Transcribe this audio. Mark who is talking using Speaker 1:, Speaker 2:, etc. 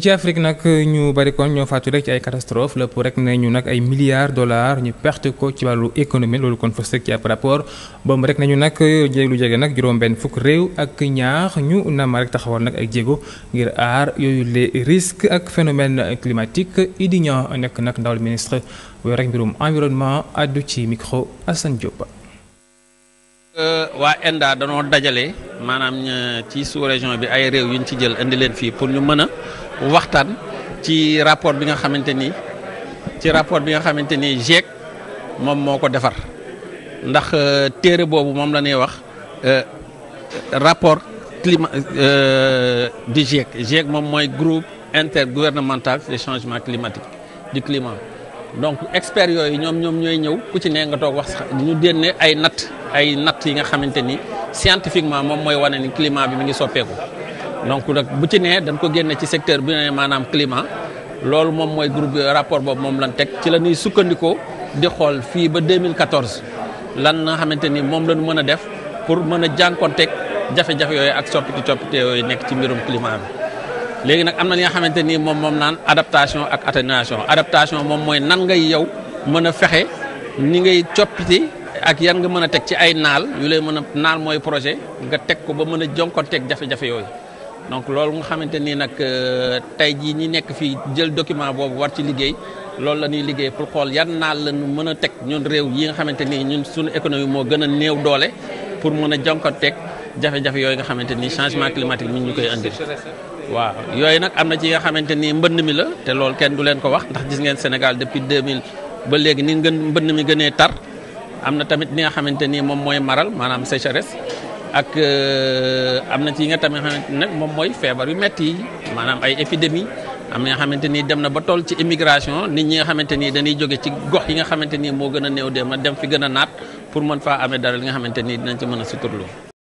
Speaker 1: ci Afrique nag ñu bari kon ñoo faatu rek ci ay catastrophe lépp rek ne ñu nag ay milliards dollars ñu perte ko ci wàllu économie loolu kon fës ci ab rapport boobu rek nañu nag jéeg lu jege nag juróom-benn fukk réew ak ñaar ñu namar rek taxawal nag ay jéego ngir aar yooyu les risques ak phénomène climatique idi ñoo nekk nag ndawal ministre wooyu rek mbirum environnement addu ci micro assan Diop.
Speaker 2: Euh, waa danoo dajale. maanaam euh, ci sous-région bi ay réew yu ñu ci jël indi leen fii pour ñu mën a waxtaan ci rapport bi nga xamante ni ci rapport bi nga xamante ni GIEC moom moo ko defar ndax euh, téere boobu moom la ñuy wax euh, rapport climat di jeek GIEC moom mooy groupe intergouvernemental des changements climatiques du climat donc experts yooyu ñoom ñoom ñooy ñëw ku ci ne nga toog wax sax ñu dénne ay natt ay natt yi nga xamante ni. scientifiquement moom mooy wane ni climat bi mu ngi soppeeku donc nag bu ci nee dañ ko génne ci secteur bi ne maanaam climat loolu moom mooy groupe rapport boobu moom lan teg ci la ñuy sukkandikoo di xool fii ba 2014 lan nga xamante ni moom la mën a def pour mën a jànkonteeg jafe-jafe yooyu ak soppiti coppite yooyu nekk ci mbirum climat bi. léegi nag am na li nga xamante ni moom moom naan adaptation ak atténuation adaptation moom mooy nan ngay yow mën fexe ak yan nga mën a teg ci ay naal yu lay mën a naal mooy projet nga teg ko ba mën a jonkoonteeg jafe-jafe yooyu donc loolu nga xamante nii nag euh, tey jii ñi nekk fii jël document boobu war ci liggéey loolu la ñuy liggéey pour xool yan naal la ñu mën a teg ñun réew yi nga xamante ni ñun suñu économie moo gën a néew doole pour mën a jonkoonteeg jafe-jafe yooyu nga xamante ni changement climatique mi ñu koy indi waaw yooyu nag am na ci nga xamante ni mbënd mi la te loolu kenn du leen ko wax ndax gis ngeen Sénégal depuis 2000 ba léegi ni ngën mbënn mi gënee tar am na tamit li nga xamante ni moom mooy maral maanaam sécheresse ak euh, am na ci yi nga tamit xamante nag moom mooy feebar yu metti yi maanaam ay épidémie am na nga xamante ni dem na ba tool ci immigration nit ñi nga xamante ni dañuy jóge ci gox yi nga
Speaker 1: xamante ni moo gën a néew dem dem fi gën a naat pour mën faa amee dara li nga xamante ni dinañ ci mën a suturloo